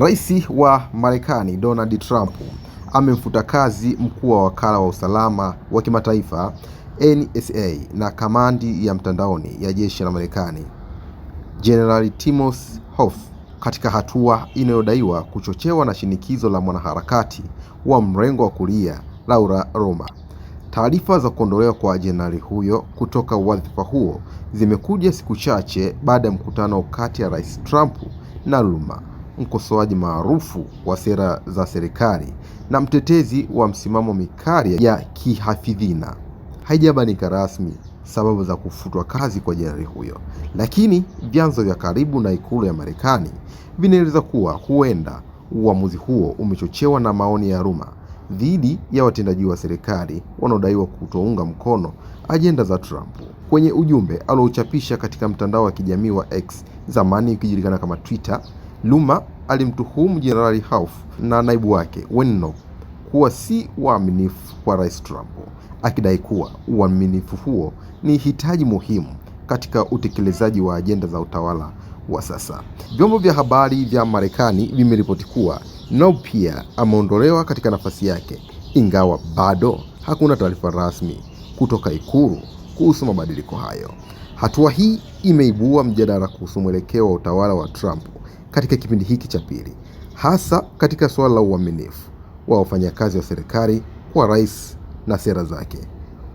Rais wa Marekani Donald Trump amemfuta kazi mkuu wa wakala wa usalama wa kimataifa NSA na kamandi ya mtandaoni ya jeshi la Marekani Jenerali Timothy Hof katika hatua inayodaiwa kuchochewa na shinikizo la mwanaharakati wa mrengo wa kulia Laura Roma. Taarifa za kuondolewa kwa jenerali huyo kutoka wadhifa huo zimekuja siku chache baada ya mkutano kati ya Rais Trump na Luma mkosoaji maarufu wa sera za serikali na mtetezi wa msimamo mikali ya kihafidhina. Haijabanika rasmi sababu za kufutwa kazi kwa jenerali huyo, lakini vyanzo vya karibu na ikulu ya Marekani vinaeleza kuwa huenda uamuzi huo umechochewa na maoni ya ruma dhidi ya watendaji wa serikali wanaodaiwa kutounga mkono ajenda za Trump. Kwenye ujumbe aliochapisha katika mtandao wa kijamii wa X, zamani ukijulikana kama Twitter, Luma alimtuhumu Jenerali Hauf na naibu wake wenno kuwa si waaminifu kwa Rais Trump, akidai kuwa uaminifu huo ni hitaji muhimu katika utekelezaji wa ajenda za utawala wa sasa. Vyombo vya habari vya Marekani vimeripoti kuwa Nob pia ameondolewa katika nafasi yake, ingawa bado hakuna taarifa rasmi kutoka Ikulu kuhusu mabadiliko hayo. Hatua hii imeibua mjadala kuhusu mwelekeo wa utawala wa Trump katika kipindi hiki cha pili, hasa katika suala la uaminifu wa wafanyakazi wa serikali kwa rais na sera zake.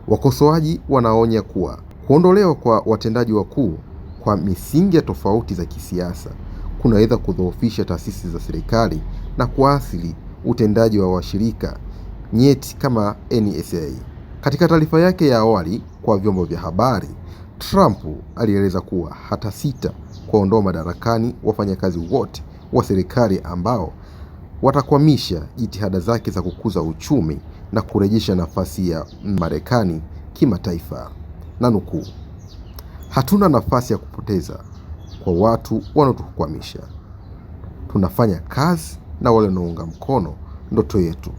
Wakosoaji wanaonya kuwa kuondolewa kwa watendaji wakuu kwa misingi ya tofauti za kisiasa kunaweza kudhoofisha taasisi za serikali na kuathiri utendaji wa washirika nyeti kama NSA. Katika taarifa yake ya awali kwa vyombo vya habari, Trump alieleza kuwa hata sita kuwaondoa madarakani wafanyakazi wote wa serikali ambao watakwamisha jitihada zake za kukuza uchumi na kurejesha nafasi ya Marekani kimataifa. Na nukuu, hatuna nafasi ya kupoteza kwa watu wanaotukwamisha. Tunafanya kazi na wale wanaounga mkono ndoto yetu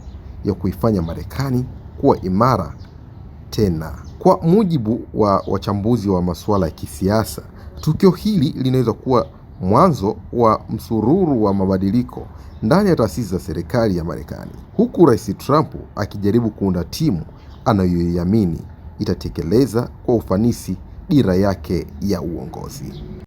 ya kuifanya Marekani kuwa imara tena. Kwa mujibu wa wachambuzi wa masuala ya kisiasa, tukio hili linaweza kuwa mwanzo wa msururu wa mabadiliko ndani ya taasisi za serikali ya Marekani, huku Rais Trump akijaribu kuunda timu anayoiamini itatekeleza kwa ufanisi dira yake ya uongozi.